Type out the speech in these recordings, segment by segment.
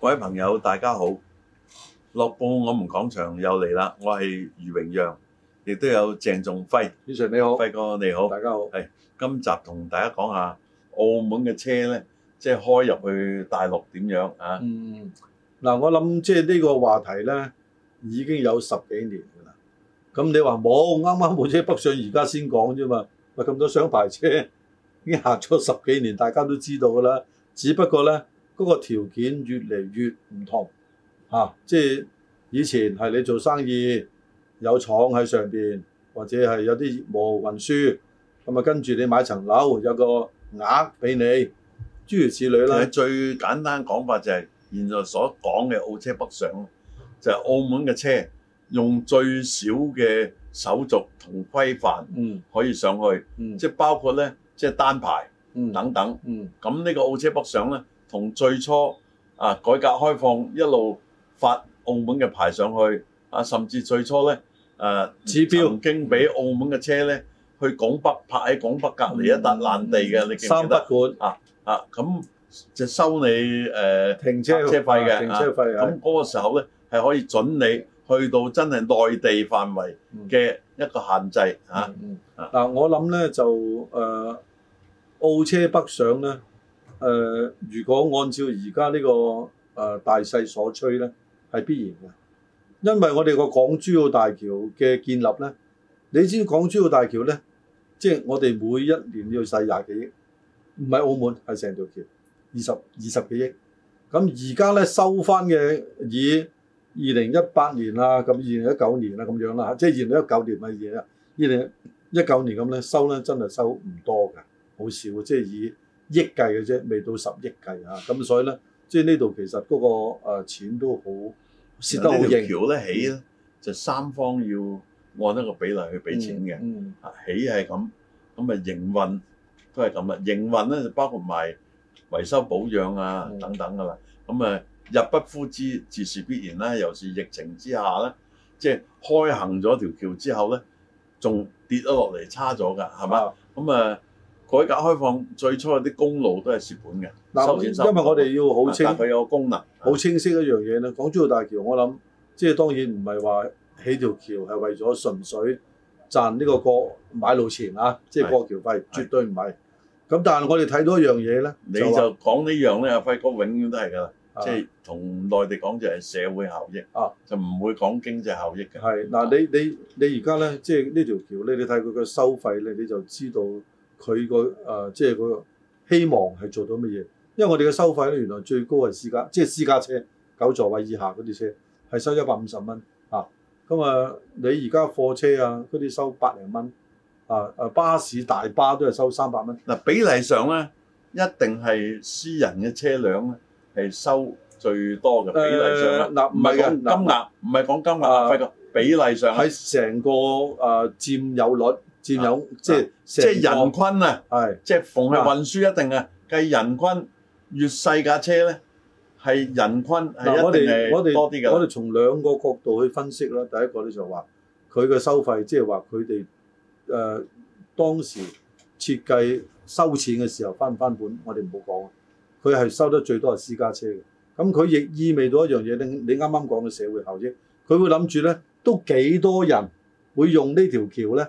各位朋友，大家好！樂報我們講場又嚟啦，我係余榮陽，亦都有鄭仲輝。主持你好，輝哥你好，大家好。係，今集同大家講下澳門嘅車咧，即係開入去大陸點樣啊？嗯，嗱，我諗即係呢個話題咧，已經有十幾年噶啦。咁你話冇啱啱冇車北上現在而，而家先講啫嘛？咁多雙牌車已經行咗十幾年，大家都知道㗎啦。只不過呢，嗰、那個條件越嚟越唔同、啊、即係以前係你做生意有廠喺上邊，或者係有啲業務運輸，咁啊，跟住你買層樓有個額俾你，諸如此類啦。最簡單講法就係、是、現在所講嘅澳車北上，就係、是、澳門嘅車用最少嘅。手續同規範，可以上去，嗯、即係包括咧，即係單牌、嗯、等等。咁、嗯、呢個澳車北上咧，同最初啊改革開放一路發澳門嘅牌上去，啊甚至最初咧、啊、指標曾經俾澳門嘅車咧去拱北泊喺拱北隔籬一笪、嗯、爛地嘅，你記唔記得？三不管啊啊！咁、啊、就收你誒、呃、停車、車費嘅，停車費啊！咁嗰、啊、個時候咧係可以准你。去到真係內地範圍嘅一個限制吓嗱，我諗咧就誒、呃、澳車北上咧，誒、呃、如果按照而家、這個呃、呢個誒大勢所趨咧，係必然嘅。因為我哋個港珠澳大橋嘅建立咧，你知港珠澳大橋咧，即、就、係、是、我哋每一年要使廿幾億，唔係澳門係成條橋二十二十幾億。咁而家咧收翻嘅以二零一八年啦，咁二零一九年啦，咁樣啦，即係二零一九年咪二零一九年咁咧，收咧真係收唔多嘅，好少嘅，即係以億計嘅啫，未到十億計啊！咁所以咧，即係呢度其實嗰個誒錢都好蝕得好認。呢條橋咧起咧，就三方要按一個比例去俾錢嘅。嗯，啊起係咁，咁啊營運都係咁啦，營運咧就包括埋維修保養啊等等噶啦，咁啊。入不敷支，自是必然啦，又是疫情之下咧，即係開行咗條橋之後咧，仲跌咗落嚟，差咗㗎，係嘛的？咁啊、嗯，改革開放最初啲公路都係蝕本嘅，首先。因為我哋要好清，但係佢有功能，好清晰一樣嘢咧。港珠澳大橋，我諗即係當然唔係話起條橋，係為咗純粹賺呢個過買路錢啊，即係過橋費絕對唔係。咁的但係我哋睇到一樣嘢咧，你就講呢樣咧，阿輝哥永遠都係㗎啦。即係同內地講就係社會效益，啊、就唔會講經濟效益嘅。係嗱，你你你而家咧，即係呢條橋咧，你睇佢個收費咧，你就知道佢個誒，即係個希望係做到乜嘢。因為我哋嘅收費咧，原來最高係私家，即係私家車九座位以下嗰啲車係收一百五十蚊啊。咁啊，你而家貨車啊嗰啲收百零蚊啊，誒巴士大巴都係收三百蚊。嗱，比例上咧一定係私人嘅車輛咧。係收最多嘅比例上，嗱唔係講金額，唔係講金額，費格比例上係成個誒佔有率佔有，即係即係人均啊，係即係逢係運輸一定啊，計人均越細架車咧係人均係一定係多啲嘅。我哋從兩個角度去分析啦，第一個咧就話佢嘅收費，即係話佢哋誒當時設計收錢嘅時候返唔返本，我哋唔好講。佢係收得最多係私家車嘅，咁佢亦意味到一樣嘢你啱啱講嘅社會效益，佢會諗住咧，都幾多人會用條橋呢條橋咧，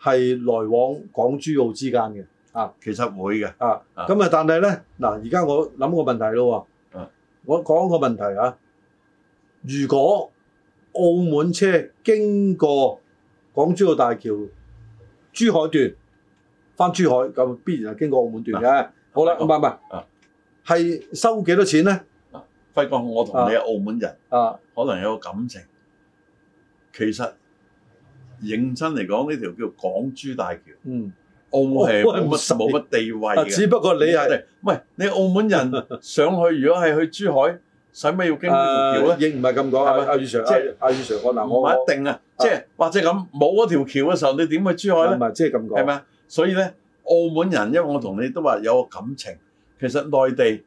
係來往港珠澳之間嘅啊。其實唔會嘅啊。咁啊，但係咧嗱，而家、啊、我諗個問題咯、啊、我講個問題啊，如果澳門車經過港珠澳大橋珠海段翻珠海，咁必然係經過澳門段嘅、啊啊。好啦，咁啱唔咪。拜拜啊係收幾多錢咧？啊，輝哥，我同你係澳門人啊，可能有個感情。其實認真嚟講呢條叫港珠大橋，嗯，澳係冇乜冇乜地位嘅。只不過你係，喂，你澳門人上去，如果係去珠海，使咩要經呢條橋咧？亦唔係咁講，阿阿雨 Sir，即係阿雨 Sir。可能我我唔一定啊，即係或者咁冇嗰條橋嘅時候，你點去珠海咧？唔係即係咁講，係咪？所以咧，澳門人，因為我同你都話有個感情。其實內地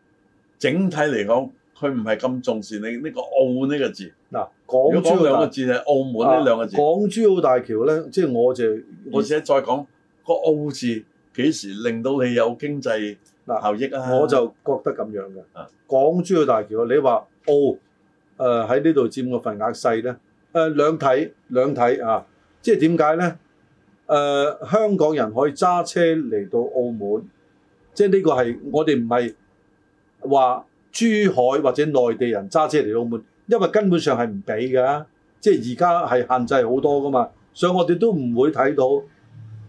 整體嚟講，佢唔係咁重視你呢、這個澳呢個字。嗱，港珠澳兩個字係澳門呢兩個字。港珠澳大橋咧、啊，即係我就是、我而家再講、這個澳字幾時令到你有經濟嗱效益啊，啊？我就覺得咁樣嘅。啊、港珠澳大橋你話澳誒喺呢度佔個份額細咧？誒、呃、兩體兩體啊！即係點解咧？誒、呃、香港人可以揸車嚟到澳門。即係呢個係我哋唔係話珠海或者內地人揸車嚟澳門，因為根本上係唔俾㗎。即係而家係限制好多㗎嘛，所以我哋都唔會睇到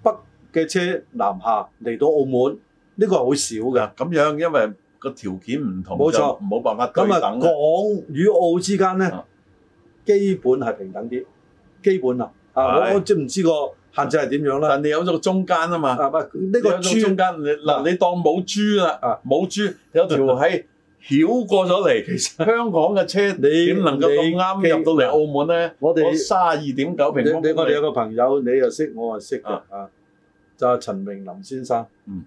北嘅車南下嚟到澳門，呢個係好少㗎。咁樣因為個條件唔同，冇錯，冇辦法對等。咁啊，港與澳之間咧，基本係平等啲，基本啊，啊，我我知唔知個。限制係點樣啦，你有咗個中間啊嘛，啊唔呢、呢個你有中間，嗱你、啊、你當冇豬啦啊，冇豬有條喺翹過咗嚟。啊、其實香港嘅車，你點能夠咁啱入到嚟澳門咧？我哋三十二點九平方。我哋有個朋友，你又識我又識嘅啊，就係陳明林先生。嗯，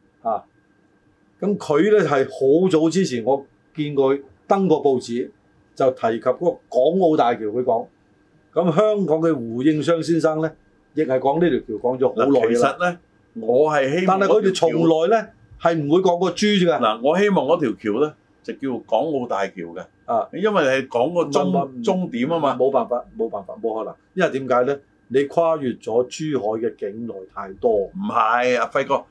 咁佢咧係好早之前，我見佢登過報紙，就提及嗰個港澳大橋。佢講咁香港嘅胡應湘先生咧。亦係講呢條橋講咗好耐啦。嗱，其實咧，我係希，但係佢哋從來咧係唔會講個珠嘅。嗱，我希望嗰條橋咧就叫港澳大橋嘅啊，因為係講個終終點啊嘛。冇辦法，冇辦法，冇可能。因為點解咧？你跨越咗珠海嘅境內太多，唔係啊？輝哥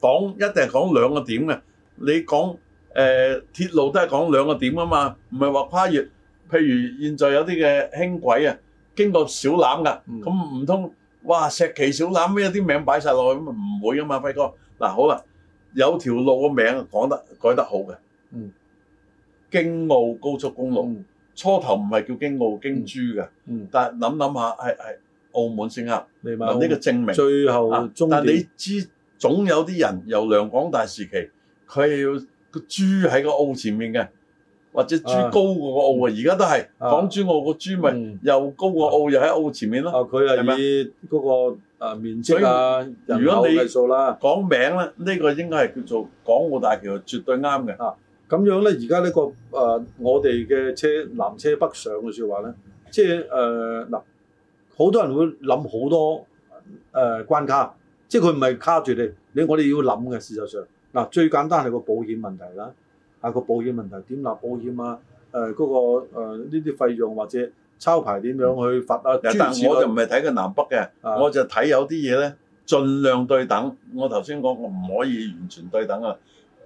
講一定係講兩個點嘅，你講誒鐵路都係講兩個點啊嘛，唔係話跨越。譬如現在有啲嘅輕軌啊，經過小欖噶，咁唔通？哇！石岐小欖咩啲名擺晒落去咁啊，唔會噶嘛，輝哥。嗱，好啦，有條路個名講得改得好嘅。嗯，京澳高速公路、嗯、初頭唔係叫京澳京珠嘅、嗯嗯，但諗諗下係係澳門先啊。明白，呢馬個證明最後、啊，但你知總有啲人由梁廣大時期，佢係要、個珠喺個澳前面嘅。或者珠高過澳啊！而家都係港珠澳個珠咪又高過澳，啊、又喺澳、啊、澳前面咯。佢係咪嗰個面積啊以人口為數啦。如果你講名咧，呢、啊、個應該係叫做港澳大橋，絕對啱嘅嚇。咁、啊、樣咧，而家呢個誒、呃、我哋嘅車南車北上嘅説話咧，嗯、即係誒嗱，好、呃、多人會諗好多誒、呃、關卡，即係佢唔係卡住你，你我哋要諗嘅事實上，嗱最簡單係個保險問題啦。啊，那個保險問題點立保險啊？誒、呃、嗰、那個呢啲、呃、費用或者抄牌點樣去罰啊？嗯、但我就唔係睇佢南北嘅，啊、我就睇有啲嘢咧，儘量對等。我頭先講我唔可以完全對等啊，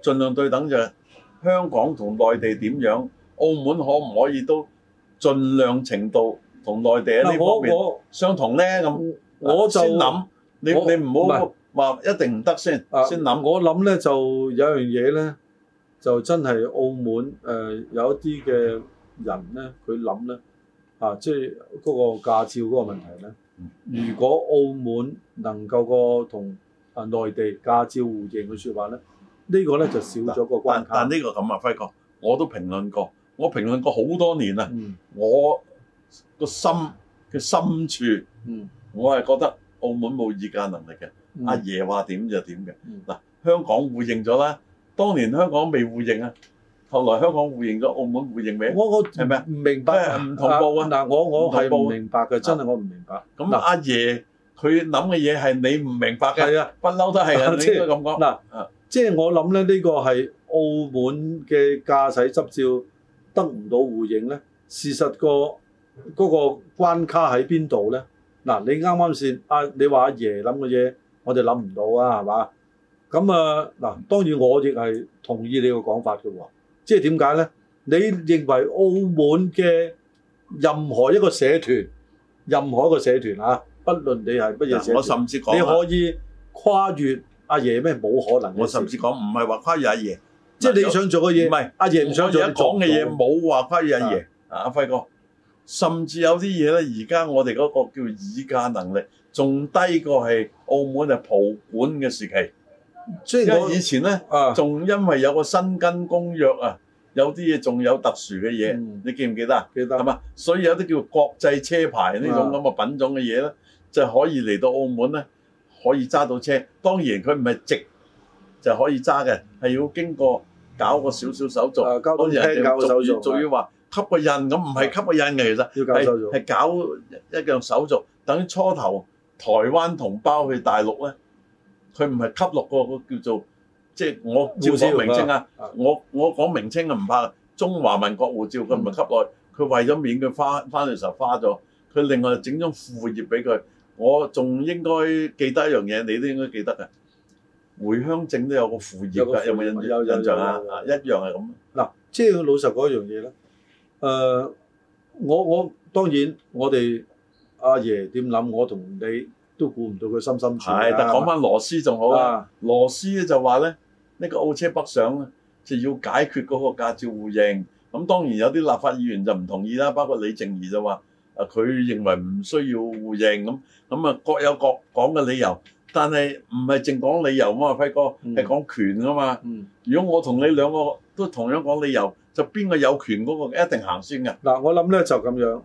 儘量對等就係香港同內地點樣，嗯、澳門可唔可以都儘量程度同內地喺呢方面相同咧？咁我就諗想我你我你唔好話一定唔得先、啊、先諗想。我諗咧就有樣嘢咧。就真係澳門、呃、有一啲嘅人咧，佢諗咧即係嗰個駕照嗰個問題咧。嗯、如果澳門能夠個同啊內地駕照互認嘅說話咧，呢個、呢個咧就少咗個關卡。但但呢個咁啊，輝哥，我都評論過，我評論過好多年啦。嗯、我個心嘅深處，嗯、我係覺得澳門冇議價能力嘅。嗯、阿爺話點就點嘅。嗱、嗯，香港互認咗啦。當年香港未互認啊，後來香港互認個澳門互認未？我我係咪唔明白？唔同步啊！嗱，我我係唔明白嘅，真係我唔明白。咁阿爺佢諗嘅嘢係你唔明白㗎。係啊，不嬲都係啊，即係咁講。嗱，即係我諗咧，呢個係澳門嘅駕駛執照得唔到互認咧？事實個嗰個關卡喺邊度咧？嗱，你啱啱先，阿你話阿爺諗嘅嘢，我哋諗唔到啊，係嘛？咁啊嗱，當然我亦係同意你個講法嘅喎。即係點解咧？你認為澳門嘅任何一個社團、任何一個社團啊，不論你係乜嘢社團，我甚至講你可以跨越阿爺咩？冇可能。我甚至講唔係話跨越阿爺，即係你想做嘅嘢唔係阿爺唔想做。講嘅嘢冇話跨越阿爺啊，阿、啊、輝哥。甚至有啲嘢咧，而家我哋嗰個叫議價能力，仲低過係澳門嘅葡管嘅時期。因為以前咧，仲、啊、因為有個新根公約啊，有啲嘢仲有特殊嘅嘢，嗯、你記唔記得啊？記得係嘛？所以有啲叫國際車牌呢種咁嘅品種嘅嘢咧，嗯、就可以嚟到澳門咧，可以揸到車。當然佢唔係直就可以揸嘅，係要經過搞個少少手續。啊、嗯，交通廳搞個手續。仲要話吸個印咁，唔係吸個印嘅其實，要搞手續係搞一一樣手續。等於初頭台灣同胞去大陸咧。佢唔係吸落個叫做，即係我照國名稱啊！我我講名稱就唔怕的，中華民國護照佢唔係吸落，佢為咗免佢花翻嚟，時候花咗，佢另外整張副頁俾佢。我仲應該記得一樣嘢，你都應該記得嘅，回鄉證都有個副頁㗎，有冇印象啊？啊，一樣係咁。嗱，即係佢老實講一樣嘢啦。誒、呃，我我當然我哋阿爺點諗，我同你。都顧唔到佢心心事係，但講翻羅斯仲好啊，啊羅斯咧就話咧，呢、呢個澳車北上就要解決嗰個駕照互認。咁當然有啲立法議員就唔同意啦，包括李靜怡就話：誒、啊、佢認為唔需要互認咁咁啊，各有各講嘅理由。但係唔係淨講理由咁啊，輝哥係、嗯、講權㗎嘛。如果我同你兩個都同樣講理由，就邊個有權嗰個一定行先㗎嗱。我諗咧就咁樣，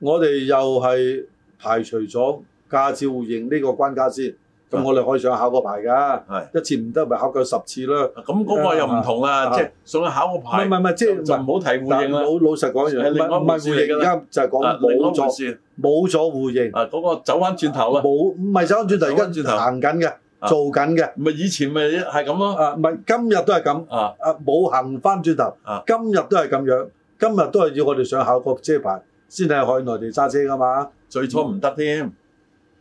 我哋又係排除咗。駕照互認呢個關卡先，咁我哋可以上考個牌噶，一次唔得咪考夠十次啦。咁嗰個又唔同啦，即係上去考個牌。唔係唔係，即係唔好提互認啦。老老實講一樣，另一回事啦。唔係互認，而家就係講冇咗，冇咗互認。嗰個走翻轉頭啦。冇唔係走翻轉頭，而家行緊嘅，做緊嘅。唔係以前咪係咁咯。啊，唔係今日都係咁。啊，冇行翻轉頭。啊，今日都係咁樣，今日都係要我哋上考個車牌先係去內地揸車噶嘛。最初唔得添。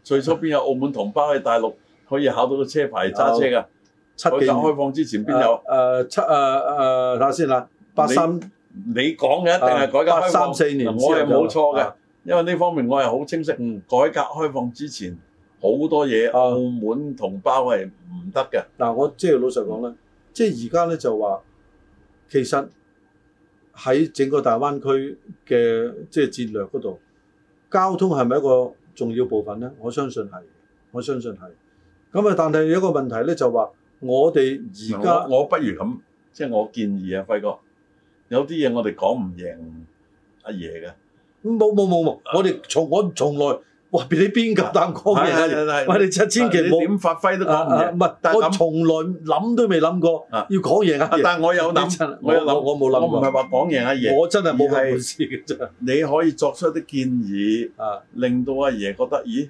最初邊有澳門同胞喺大陸可以考到個車牌揸車噶？改革開放之前邊有？誒七誒誒，睇下先啦。八三，你講嘅一定係改革三四年，我係冇錯嘅，因為呢方面我係好清晰。嗯，改革開放之前好多嘢澳門同胞係唔得嘅。嗱，我即係老實講咧，即係而家咧就話，其實喺整個大灣區嘅即係戰略嗰度，交通係咪一個？重要部分咧，我相信係，我相信係。咁啊，但係有一個問題咧，就話我哋而家我不如咁，即係我建議啊，輝哥，有啲嘢我哋講唔贏阿爺嘅，冇冇冇冇，啊，我哋從我從來。哇！你邊個膽講嘢啊？我哋七千幾，你點發揮都講唔贏。唔係，我從來諗都未諗過，要講贏啊！但係我有諗，我有諗，我冇諗。唔係話講贏阿爺，我真係冇咁本事嘅啫。你可以作出一啲建議，令到阿爺覺得，咦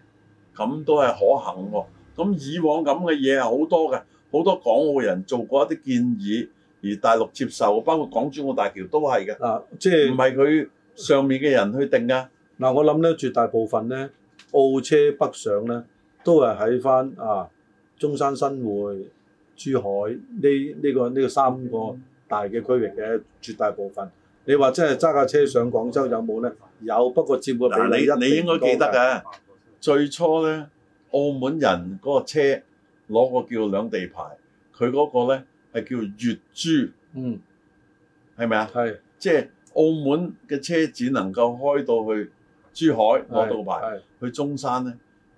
咁都係可行喎。咁以往咁嘅嘢係好多嘅，好多港澳人做過一啲建議，而大陸接受，包括港珠澳大橋都係嘅。即係唔係佢上面嘅人去定啊？嗱，我諗咧，絕大部分咧。澳車北上咧，都係喺翻啊中山新會、珠海呢呢、這個呢、這個三個大嘅區域嘅絕大部分。你話真係揸架車上廣州有冇咧？有，不過佔個比 1, 你你應該記得嘅，啊、最初咧，澳門人嗰個車攞個叫兩地牌，佢嗰個咧係叫月珠，嗯，係咪啊？係是，即係澳門嘅車只能夠開到去。珠海攞到牌，去中山咧，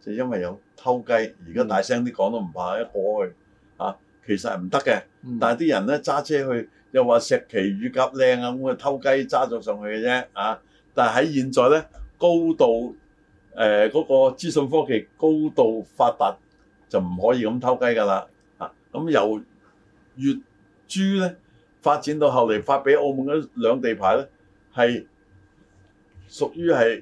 就因為有偷雞，而家大聲啲講都唔怕，一過去啊，其實係唔得嘅。嗯、但係啲人咧揸車去，又話石岐乳鴿靚啊，咁啊偷雞揸咗上去嘅啫啊！但係喺現在咧，高度嗰、呃嗰個資訊科技高度發達，就唔可以咁偷雞㗎啦啊！咁、啊、由粵珠咧發展到後嚟發俾澳門嗰兩地牌咧，係屬於係。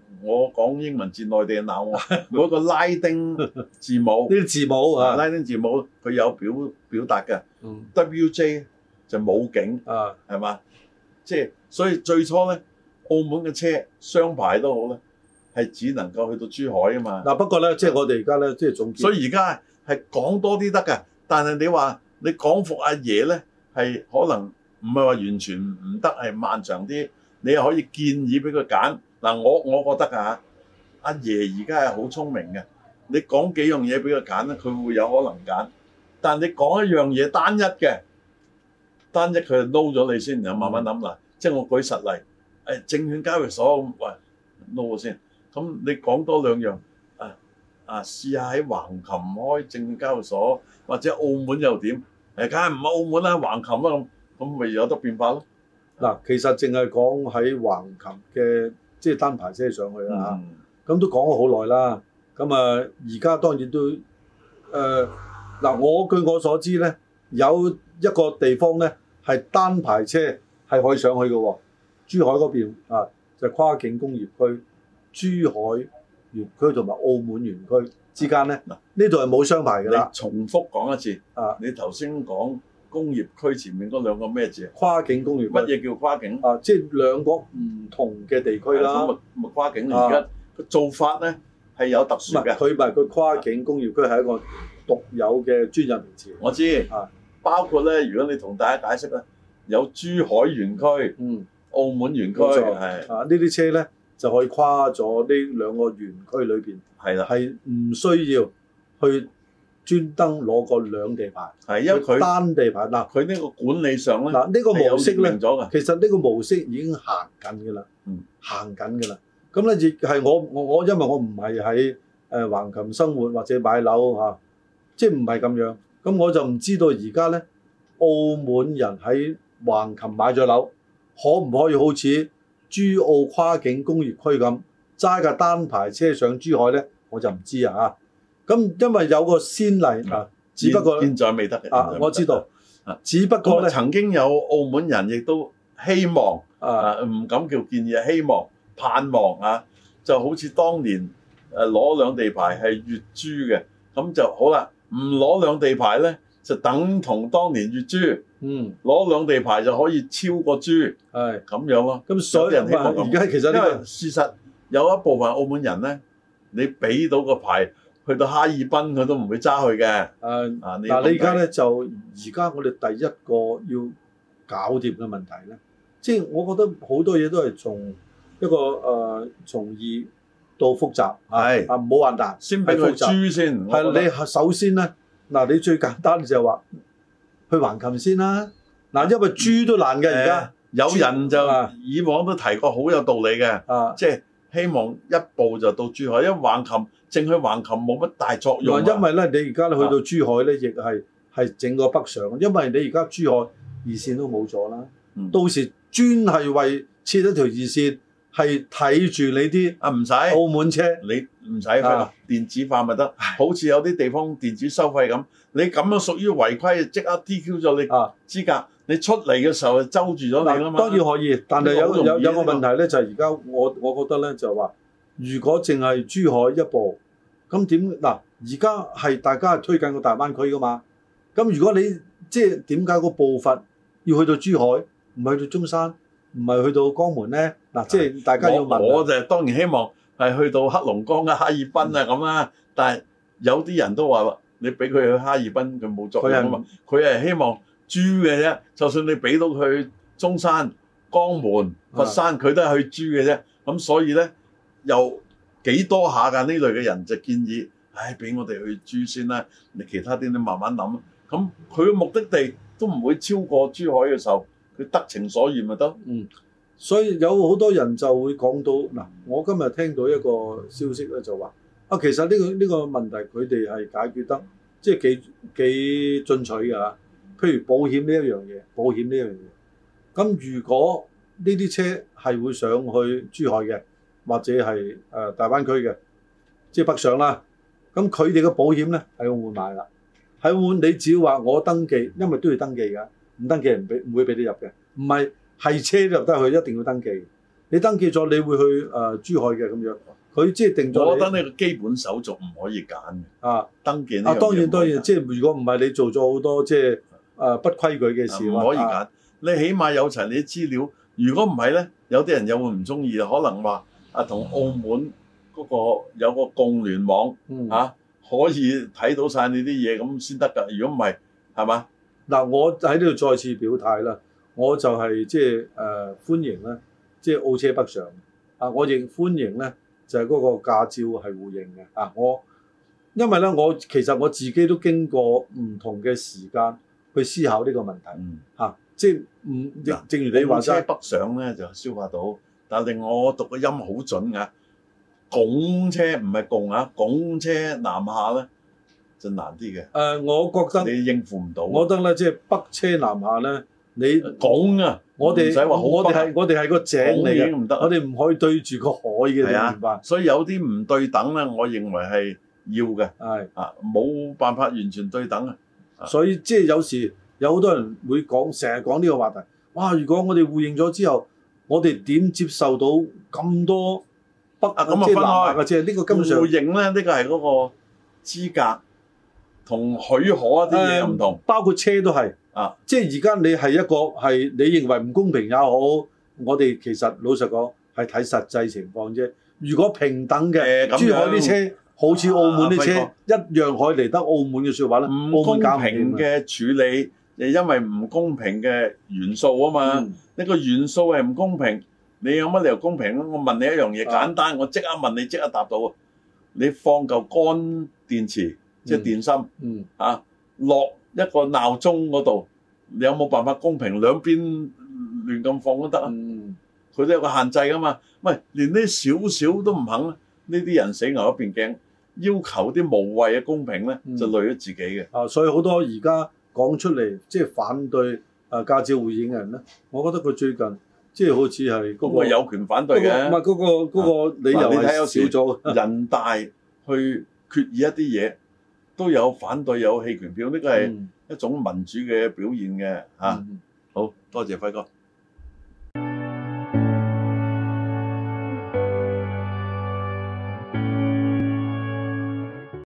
我講英文字內地鬧我嗰個拉丁字母，呢啲 字母啊，拉丁字母佢有表表達嘅。嗯、WJ 就武警啊，係嘛？即係所以最初咧，澳門嘅車雙牌都好咧，係只能夠去到珠海啊嘛。嗱、啊、不過咧，即係我哋而家咧，即係總結。所以而家係講多啲得嘅，但係你話你講服阿爺咧，係可能唔係話完全唔得，係漫長啲，你又可以建議俾佢揀。嗱，我我覺得啊，阿爺而家係好聰明嘅。你講幾樣嘢俾佢揀咧，佢會有可能揀。但係你講一樣嘢單一嘅，單一佢就 no 咗你先，然後慢慢諗啦。即係我舉實例，誒證券交易所喂 no 先。咁你講多兩樣，誒誒試下喺橫琴開證券交易所，或者澳門又點？誒梗係唔係澳門啦，橫琴啦咁，咁咪有得變化咯。嗱，其實淨係講喺橫琴嘅。即係單排車上去啦嚇，咁、嗯、都講咗好耐啦。咁啊，而家當然都誒嗱、呃，我據我所知咧，有一個地方咧係單排車係可以上去嘅喎。珠海嗰邊啊，就、跨境工業區，珠海園區同埋澳門園區之間咧，嗱呢度係冇雙排㗎啦。你重複講一次啊！你頭先講。工業區前面嗰兩個咩字？跨境工業區？乜嘢叫跨境？啊，即係兩個唔同嘅地區啦。物物跨境而家個做法咧係有特殊嘅。佢唔佢，跨境工業區係一個獨有嘅專有名詞。我知啊，的包括咧，如果你同大家解釋咧，有珠海園區、嗯、澳門園區錯的啊，這些呢啲車咧就可以跨咗呢兩個園區裏邊。係啦的，係唔需要去。專登攞個兩地牌，係因為佢單地牌嗱，佢呢個管理上咧，嗱呢個模式咧，其實呢個模式已經行緊嘅啦，行緊嘅啦。咁咧亦係我我我，因為我唔係喺誒橫琴生活或者買樓嚇、啊，即係唔係咁樣。咁我就唔知道而家咧，澳門人喺橫琴買咗樓，可唔可以好似珠澳跨境工業區咁，揸架單牌車上珠海咧？我就唔知啊嚇。咁因為有個先例啊，只不過現在未得啊，我知道啊，只不過咧，曾經有澳門人亦都希望啊，唔敢叫建議，希望盼望啊，就好似當年誒攞兩地牌係月珠嘅，咁就好啦。唔攞兩地牌咧，就等同當年月珠。嗯，攞兩地牌就可以超過珠，係咁樣咯。咁所以人哋講，而家其實呢個事實有一部分澳門人咧，你俾到個牌。去到哈爾濱佢都唔會揸佢嘅。誒嗱、呃呃，你而家咧就而家我哋第一個要搞掂嘅問題咧，即、就、係、是、我覺得好多嘢都係從一個誒、呃、從易到複雜是啊，唔好玩，搭是。先俾佢豬先，你首先咧，嗱、呃、你最簡單就係話去橫琴先啦。嗱，因為豬都難嘅而家，有人就以往都提過好有道理嘅，即、呃就係希望一步就到珠海，因為橫琴正去橫琴冇乜大作用。因為咧，你而家去到珠海咧，亦係、啊、整個北上。因為你而家珠海二線都冇咗啦，嗯、到時專係為設一條二線，係睇住你啲啊唔使澳門車，你唔使啦，電子化咪得。好似有啲地方電子收費咁，唉你咁樣屬於違規，即刻 DQ 咗你資格。啊你出嚟嘅時候就揪住咗你啦嘛，當然可以，但係有有有個問題咧，就係而家我我覺得咧就係話，如果淨係珠海一步，咁點嗱？而家係大家係推緊個大灣區噶嘛，咁如果你即係點解個步伐要去到珠海，唔係去到中山，唔係去到江門咧？嗱、啊，即係大家要問我，我就當然希望係去到黑龍江啊哈爾濱啊咁啦。嗯、但係有啲人都話，你俾佢去哈爾濱，佢冇作用啊。佢係希望。住嘅啫，就算你俾到佢中山、江門、佛山，佢都係去住嘅啫。咁的所以咧，又幾多下噶呢類嘅人就建議，唉，俾我哋去住先啦。你其他啲你慢慢諗。咁佢嘅目的地都唔會超過珠海嘅時候，佢得情所願咪得。嗯，所以有好多人就會講到嗱，我今日聽到一個消息咧，就話啊，其實呢、這個呢、這個問題佢哋係解決得，即係幾幾進取㗎。譬如保險呢一樣嘢，保險呢一樣嘢。咁如果呢啲車係會上去珠海嘅，或者係誒、呃、大灣區嘅，即係北上啦。咁佢哋嘅保險咧，喺澳門買啦，喺澳門你只要話我登記，因為都要登記㗎，唔登記係唔俾唔會俾你入嘅。唔係係車都入得去，一定要登記。你登記咗，你會去誒、呃、珠海嘅咁樣。佢即係定咗。我覺得呢個基本手續唔可以揀嘅。啊，登記啊，啊，當然當然，即係如果唔係你做咗好多即係。誒、啊、不規矩嘅事，唔可以揀。啊、你起碼有齊你啲資料。如果唔係咧，有啲人又會唔中意，可能話啊，同澳門嗰個有個共聯網嚇、嗯啊，可以睇到晒你啲嘢咁先得㗎。如果唔係係嘛？嗱、啊，我喺呢度再次表態啦，我就係即係誒歡迎咧，即係澳車北上啊。我亦歡迎咧，就係嗰個駕照係互認嘅啊。我因為咧，我其實我自己都經過唔同嘅時間。去思考呢個問題，嚇、嗯啊，即係唔正如你話齋，北上咧就消化到，但係我讀嘅音好準㗎，拱車唔係拱啊，拱車南下咧就難啲嘅。誒、呃，我覺得你應付唔到。我覺得咧，即係北車南下咧，你拱、呃、啊，我哋唔使話好北我哋係我哋係個井嚟嘅，已經唔得我哋唔可以對住個海嘅，你明白？所以有啲唔對等咧，我認為係要嘅。係嘅啊，冇辦法完全對等啊。所以即係有時有好多人會講，成日講呢個話題。哇！如果我哋互認咗之後，我哋點接受到咁多不亞嘅難民？或者呢個根本上互，互認咧，呢、呢個係嗰個資格同許可一啲嘢唔同，嗯。包括車都係啊，即係而家你係一個係你認為唔公平也好，我哋其實老實講係睇實際情況啫。如果平等嘅，呃、珠海啲車。好似澳門啲車一樣，可以嚟得澳門嘅説話咧。唔公平嘅處理，誒，因為唔公平嘅元素啊嘛。一個元素係唔公平，你有乜理由公平咧？我問你一樣嘢簡單，我即刻問你即刻答到啊！你放嚿乾電池，即係電芯，啊，落一個鬧鐘嗰度，你有冇辦法公平？兩邊亂咁放都得，佢都有個限制噶嘛。唔係連呢少少都唔肯，呢啲人死牛一邊驚。要求啲無謂嘅公平咧，就累咗自己嘅、嗯。啊，所以好多而家講出嚟即係反對啊駕照會應嘅人咧，我覺得佢最近即係、就是、好似係、嗰個個有權反對嘅。唔係嗰個嗰、嗰個嗰個理由、啊那個、少你有少咗人大去決議一啲嘢，都有反對有棄權票，呢個係一種民主嘅表現嘅、嗯啊、好多謝輝哥。